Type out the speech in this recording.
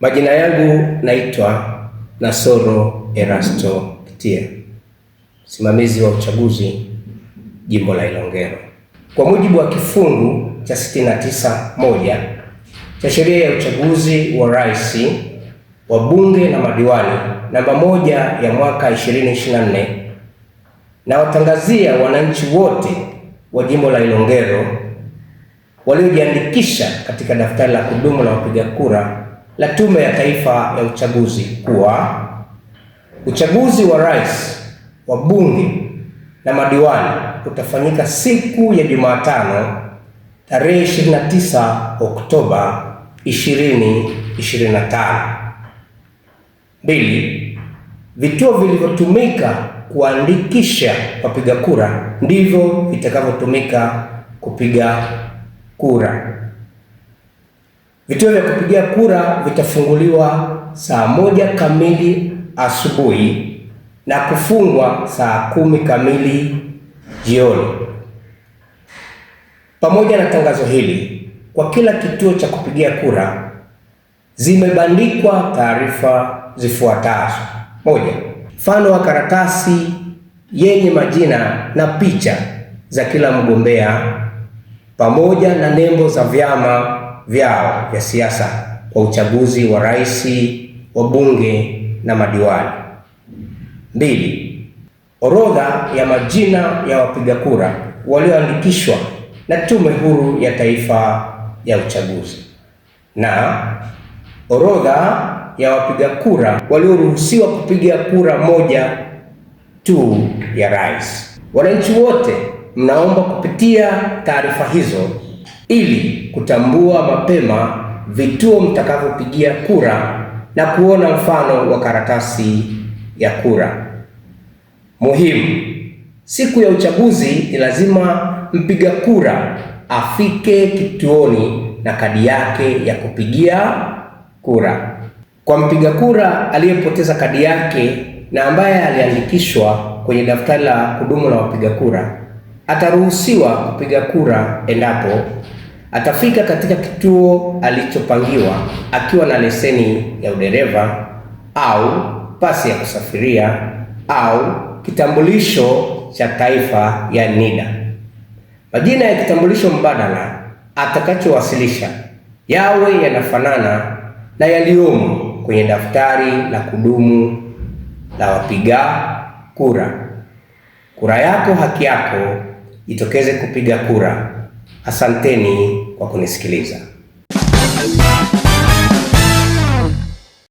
Majina yangu naitwa Nasoro Erasto Kitia, msimamizi wa uchaguzi jimbo la Ilongero. Kwa mujibu wa kifungu cha 69(1) cha sheria ya uchaguzi wa rais, bunge na madiwani namba moja ya mwaka 2024, na watangazia wananchi wote wa jimbo la Ilongero waliojiandikisha katika daftari la kudumu la wapiga kura la Tume ya Taifa ya Uchaguzi kuwa uchaguzi wa rais, wa bunge na madiwani utafanyika siku ya Jumatano tarehe 29 Oktoba 2025. Mbili, vituo vilivyotumika kuandikisha wapiga kura ndivyo vitakavyotumika kupiga kura. Vituo vya kupigia kura vitafunguliwa saa moja kamili asubuhi na kufungwa saa kumi kamili jioni. Pamoja na tangazo hili, kwa kila kituo cha kupigia kura zimebandikwa taarifa zifuatazo: moja, mfano wa karatasi yenye majina na picha za kila mgombea pamoja na nembo za vyama vyao vya siasa kwa uchaguzi wa rais, wa bunge na madiwani. Mbili, orodha ya majina ya wapiga kura walioandikishwa na Tume Huru ya Taifa ya Uchaguzi na orodha ya wapiga kura walioruhusiwa kupiga kura moja tu ya rais. Wananchi wote mnaomba kupitia taarifa hizo ili kutambua mapema vituo mtakavyopigia kura na kuona mfano wa karatasi ya kura. Muhimu, siku ya uchaguzi ni lazima mpiga kura afike kituoni na kadi yake ya kupigia kura. Kwa mpiga kura aliyepoteza kadi yake na ambaye aliandikishwa kwenye daftari la kudumu la wapiga kura, ataruhusiwa kupiga kura endapo atafika katika kituo alichopangiwa akiwa na leseni ya udereva au pasi ya kusafiria au kitambulisho cha taifa ya NIDA. Majina ya kitambulisho mbadala atakachowasilisha yawe yanafanana na yaliyomo kwenye daftari la kudumu la wapiga kura. Kura yako haki yako, jitokeze kupiga kura. Asanteni kwa kunisikiliza.